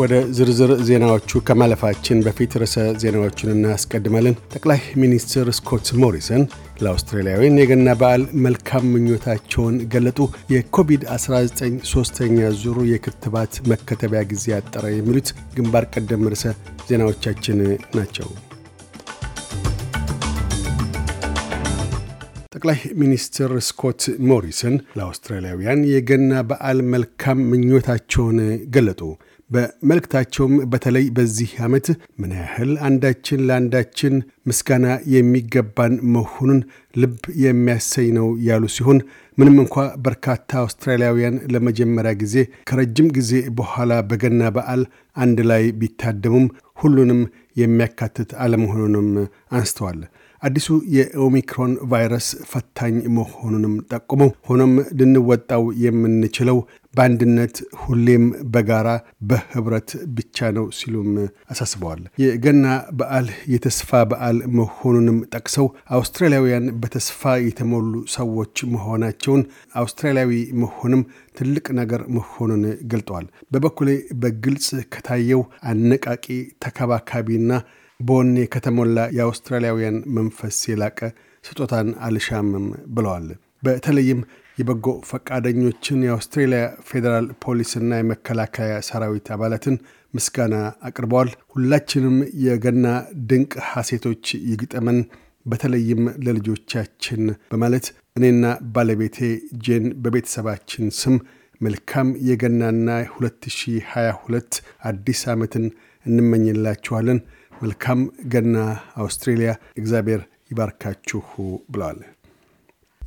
ወደ ዝርዝር ዜናዎቹ ከማለፋችን በፊት ርዕሰ ዜናዎቹን እናስቀድማለን። ጠቅላይ ሚኒስትር ስኮት ሞሪሰን ለአውስትራሊያውያን የገና በዓል መልካም ምኞታቸውን ገለጡ። የኮቪድ-19 ሶስተኛ ዙር የክትባት መከተቢያ ጊዜ አጠረ። የሚሉት ግንባር ቀደም ርዕሰ ዜናዎቻችን ናቸው። ጠቅላይ ሚኒስትር ስኮት ሞሪሰን ለአውስትራሊያውያን የገና በዓል መልካም ምኞታቸውን ገለጡ። በመልእክታቸውም በተለይ በዚህ ዓመት ምን ያህል አንዳችን ለአንዳችን ምስጋና የሚገባን መሆኑን ልብ የሚያሰኝ ነው ያሉ ሲሆን ምንም እንኳ በርካታ አውስትራሊያውያን ለመጀመሪያ ጊዜ ከረጅም ጊዜ በኋላ በገና በዓል አንድ ላይ ቢታደሙም ሁሉንም የሚያካትት አለመሆኑንም አንስተዋል። አዲሱ የኦሚክሮን ቫይረስ ፈታኝ መሆኑንም ጠቁመው ሆኖም ልንወጣው የምንችለው በአንድነት ሁሌም በጋራ በህብረት ብቻ ነው ሲሉም አሳስበዋል። የገና በዓል የተስፋ በዓል መሆኑንም ጠቅሰው አውስትራሊያውያን በተስፋ የተሞሉ ሰዎች መሆናቸውን አውስትራሊያዊ መሆንም ትልቅ ነገር መሆኑን ገልጠዋል። በበኩሌ በግልጽ ከታየው አነቃቂ ተከባካቢና በወኔ ከተሞላ የአውስትራሊያውያን መንፈስ የላቀ ስጦታን አልሻምም ብለዋል። በተለይም የበጎ ፈቃደኞችን፣ የአውስትሬልያ ፌዴራል ፖሊስና የመከላከያ ሰራዊት አባላትን ምስጋና አቅርበዋል። ሁላችንም የገና ድንቅ ሐሴቶች ይግጠመን በተለይም ለልጆቻችን በማለት እኔና ባለቤቴ ጄን በቤተሰባችን ስም መልካም የገናና 2022 አዲስ ዓመትን እንመኝላችኋለን። መልካም ገና አውስትሬልያ፣ እግዚአብሔር ይባርካችሁ ብለዋል።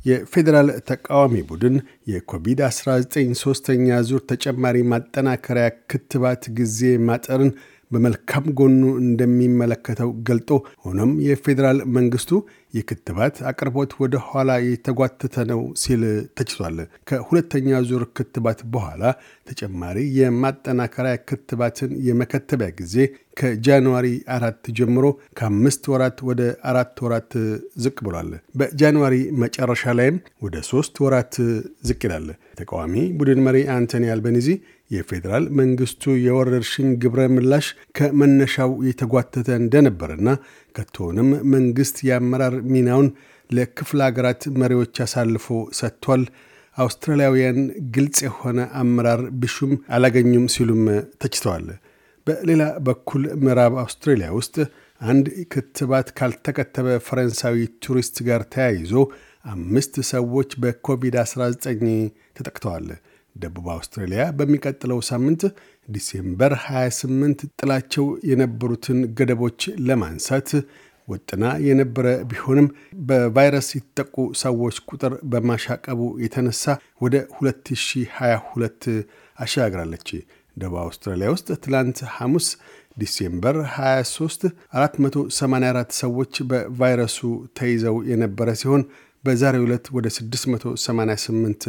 የፌዴራል ተቃዋሚ ቡድን የኮቪድ-19 ሦስተኛ ዙር ተጨማሪ ማጠናከሪያ ክትባት ጊዜ ማጠርን በመልካም ጎኑ እንደሚመለከተው ገልጦ ሆኖም የፌዴራል መንግስቱ የክትባት አቅርቦት ወደ ኋላ የተጓተተ ነው ሲል ተችቷል። ከሁለተኛ ዙር ክትባት በኋላ ተጨማሪ የማጠናከሪያ ክትባትን የመከተቢያ ጊዜ ከጃንዋሪ አራት ጀምሮ ከአምስት ወራት ወደ አራት ወራት ዝቅ ብሏል። በጃንዋሪ መጨረሻ ላይም ወደ ሶስት ወራት ዝቅ ይላል። ተቃዋሚ ቡድን መሪ አንቶኒ አልበኒዚ የፌዴራል መንግስቱ የወረርሽኝ ግብረ ምላሽ ከመነሻው የተጓተተ እንደነበርና ከቶሆንም መንግስት የአመራር ሚናውን ለክፍለ አገራት መሪዎች አሳልፎ ሰጥቷል። አውስትራሊያውያን ግልጽ የሆነ አመራር ቢሹም አላገኙም ሲሉም ተችተዋል። በሌላ በኩል ምዕራብ አውስትሬልያ ውስጥ አንድ ክትባት ካልተከተበ ፈረንሳዊ ቱሪስት ጋር ተያይዞ አምስት ሰዎች በኮቪድ-19 ተጠቅተዋል። ደቡብ አውስትራሊያ በሚቀጥለው ሳምንት ዲሴምበር 28 ጥላቸው የነበሩትን ገደቦች ለማንሳት ወጥና የነበረ ቢሆንም በቫይረስ የተጠቁ ሰዎች ቁጥር በማሻቀቡ የተነሳ ወደ 2022 አሸጋግራለች። ደቡብ አውስትራሊያ ውስጥ ትላንት ሐሙስ ዲሴምበር 23 484 ሰዎች በቫይረሱ ተይዘው የነበረ ሲሆን በዛሬ ዕለት ወደ 688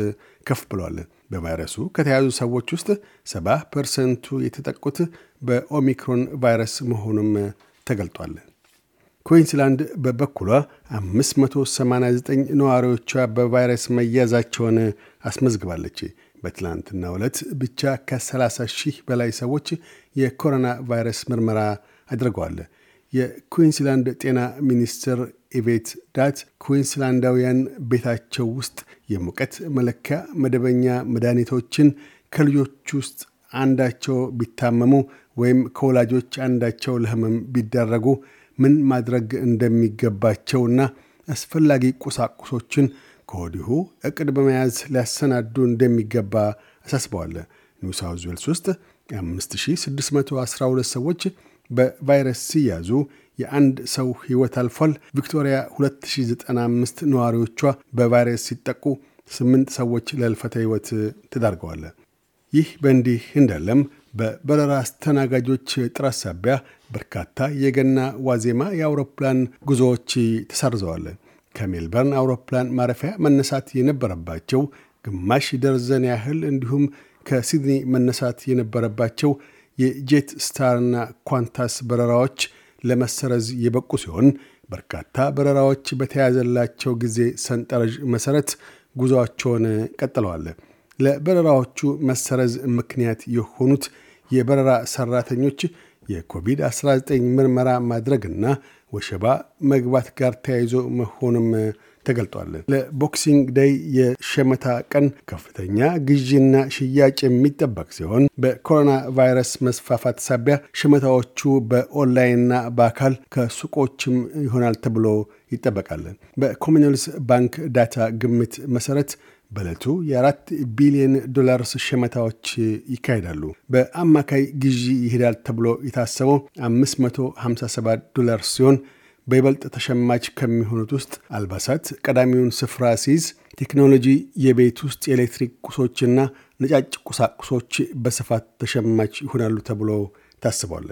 ከፍ ብሏል። በቫይረሱ ከተያዙ ሰዎች ውስጥ 70 ፐርሰንቱ የተጠቁት በኦሚክሮን ቫይረስ መሆኑም ተገልጧል። ኩዊንስላንድ በበኩሏ 589 ነዋሪዎቿ በቫይረስ መያዛቸውን አስመዝግባለች። በትላንትና ዕለት ብቻ ከ30 ሺህ በላይ ሰዎች የኮሮና ቫይረስ ምርመራ አድርገዋል። የኩዊንስላንድ ጤና ሚኒስትር ኢቤት ዳት ኩዊንስላንዳውያን ቤታቸው ውስጥ የሙቀት መለኪያ መደበኛ መድኃኒቶችን ከልጆች ውስጥ አንዳቸው ቢታመሙ ወይም ከወላጆች አንዳቸው ለህመም ቢዳረጉ ምን ማድረግ እንደሚገባቸውና አስፈላጊ ቁሳቁሶችን ከወዲሁ እቅድ በመያዝ ሊያሰናዱ እንደሚገባ አሳስበዋል። ኒውሳውዝ ዌልስ ውስጥ 5612 ሰዎች በቫይረስ ሲያዙ የአንድ ሰው ሕይወት አልፏል። ቪክቶሪያ 2095 ነዋሪዎቿ በቫይረስ ሲጠቁ ስምንት ሰዎች ለልፈተ ሕይወት ተዳርገዋል። ይህ በእንዲህ እንዳለም በበረራ አስተናጋጆች ጥረት ሳቢያ በርካታ የገና ዋዜማ የአውሮፕላን ጉዞዎች ተሰርዘዋል። ከሜልበርን አውሮፕላን ማረፊያ መነሳት የነበረባቸው ግማሽ ደርዘን ያህል እንዲሁም ከሲድኒ መነሳት የነበረባቸው የጄት ስታርና ኳንታስ በረራዎች ለመሰረዝ የበቁ ሲሆን በርካታ በረራዎች በተያዘላቸው ጊዜ ሰንጠረዥ መሠረት ጉዞአቸውን ቀጥለዋል። ለበረራዎቹ መሰረዝ ምክንያት የሆኑት የበረራ ሰራተኞች የኮቪድ-19 ምርመራ ማድረግና ወሸባ መግባት ጋር ተያይዞ መሆኑም ተገልጧል። ለቦክሲንግ ደይ የሸመታ ቀን ከፍተኛ ግዢና ሽያጭ የሚጠበቅ ሲሆን በኮሮና ቫይረስ መስፋፋት ሳቢያ ሸመታዎቹ በኦንላይንና በአካል ከሱቆችም ይሆናል ተብሎ ይጠበቃል። በኮሚኒልስ ባንክ ዳታ ግምት መሰረት በዕለቱ የአራት ቢሊዮን ዶላርስ ሸመታዎች ይካሄዳሉ። በአማካይ ግዢ ይሄዳል ተብሎ የታሰበው 557 ዶላር ሲሆን በይበልጥ ተሸማች ከሚሆኑት ውስጥ አልባሳት ቀዳሚውን ስፍራ ሲይዝ፣ ቴክኖሎጂ የቤት ውስጥ የኤሌክትሪክ ቁሶችና ነጫጭ ቁሳቁሶች በስፋት ተሸማች ይሆናሉ ተብሎ ታስቧል።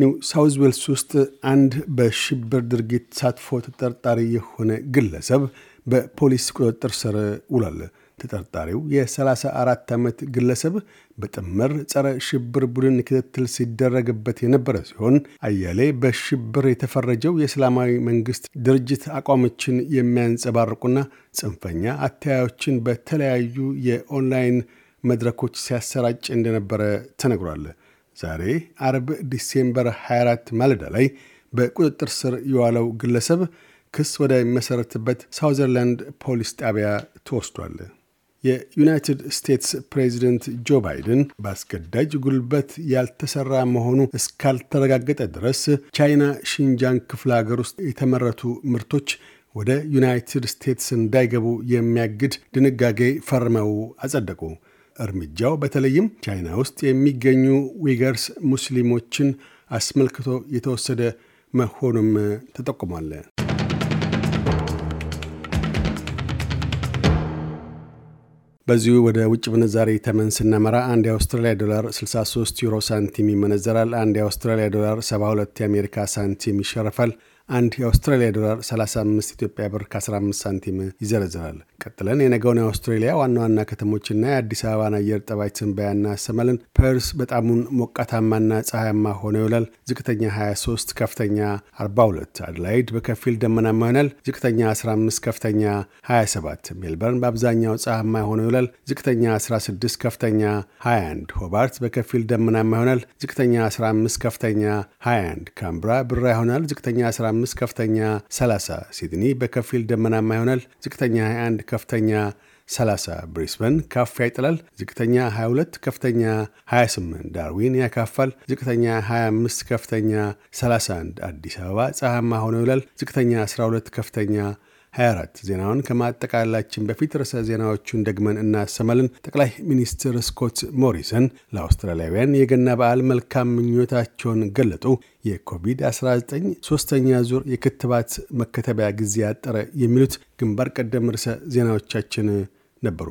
ኒው ሳውዝ ዌልስ ውስጥ አንድ በሽብር ድርጊት ተሳትፎ ተጠርጣሪ የሆነ ግለሰብ በፖሊስ ቁጥጥር ስር ውሏል። ተጠርጣሪው የ34 ዓመት ግለሰብ በጥምር ጸረ ሽብር ቡድን ክትትል ሲደረግበት የነበረ ሲሆን አያሌ በሽብር የተፈረጀው የእስላማዊ መንግሥት ድርጅት አቋሞችን የሚያንጸባርቁና ጽንፈኛ አተያዮችን በተለያዩ የኦንላይን መድረኮች ሲያሰራጭ እንደነበረ ተነግሯል። ዛሬ አርብ ዲሴምበር 24 ማለዳ ላይ በቁጥጥር ስር የዋለው ግለሰብ ክስ ወደሚመሠረትበት ሳውዘርላንድ ፖሊስ ጣቢያ ተወስዷል። የዩናይትድ ስቴትስ ፕሬዚደንት ጆ ባይደን በአስገዳጅ ጉልበት ያልተሰራ መሆኑ እስካልተረጋገጠ ድረስ ቻይና ሺንጃንግ ክፍለ ሀገር ውስጥ የተመረቱ ምርቶች ወደ ዩናይትድ ስቴትስ እንዳይገቡ የሚያግድ ድንጋጌ ፈርመው አጸደቁ። እርምጃው በተለይም ቻይና ውስጥ የሚገኙ ዊገርስ ሙስሊሞችን አስመልክቶ የተወሰደ መሆኑም ተጠቁሟል። በዚሁ ወደ ውጭ ምንዛሪ ተመን ስነመራ አንድ የአውስትራሊያ ዶላር 63 ዩሮ ሳንቲም ይመነዘራል። አንድ የአውስትራሊያ ዶላር 72 የአሜሪካ ሳንቲም ይሸርፋል። አንድ የአውስትራሊያ ዶላር 35 ኢትዮጵያ ብር ከ15 ሳንቲም ይዘረዝራል። ቀጥለን የነገውን የአውስትሬሊያ ዋና ዋና ከተሞችና የአዲስ አበባን አየር ጠባይ ትንበያ እናሰማለን። ፐርስ በጣሙን ሞቃታማና ፀሐያማ ሆኖ ይውላል። ዝቅተኛ 23፣ ከፍተኛ 42። አድላይድ በከፊል ደመናማ ይሆናል። ዝቅተኛ 15፣ ከፍተኛ 27። ሜልበርን በአብዛኛው ፀሐያማ ሆኖ ይውላል። ዝቅተኛ 16፣ ከፍተኛ 21። ሆባርት በከፊል ደመናማ ይሆናል። ዝቅተኛ 15፣ ከፍተኛ 21። ካምብራ ብራ ይሆናል። ዝቅተኛ 25 ከፍተኛ 30 ሲድኒ በከፊል ደመናማ ይሆናል። ዝቅተኛ 21 ከፍተኛ 30 ብሪስበን ካፋ ይጥላል። ዝቅተኛ 22 ከፍተኛ 28 ዳርዊን ያካፋል። ዝቅተኛ 25 ከፍተኛ 31 አዲስ አበባ ፀሐያማ ሆኖ ይውላል። ዝቅተኛ 12 ከፍተኛ 24 ዜናውን ከማጠቃላችን በፊት ርዕሰ ዜናዎቹን ደግመን እናሰማልን። ጠቅላይ ሚኒስትር ስኮት ሞሪሰን ለአውስትራሊያውያን የገና በዓል መልካም ምኞታቸውን ገለጡ። የኮቪድ-19 ሶስተኛ ዙር የክትባት መከተቢያ ጊዜ አጠረ። የሚሉት ግንባር ቀደም ርዕሰ ዜናዎቻችን ነበሩ።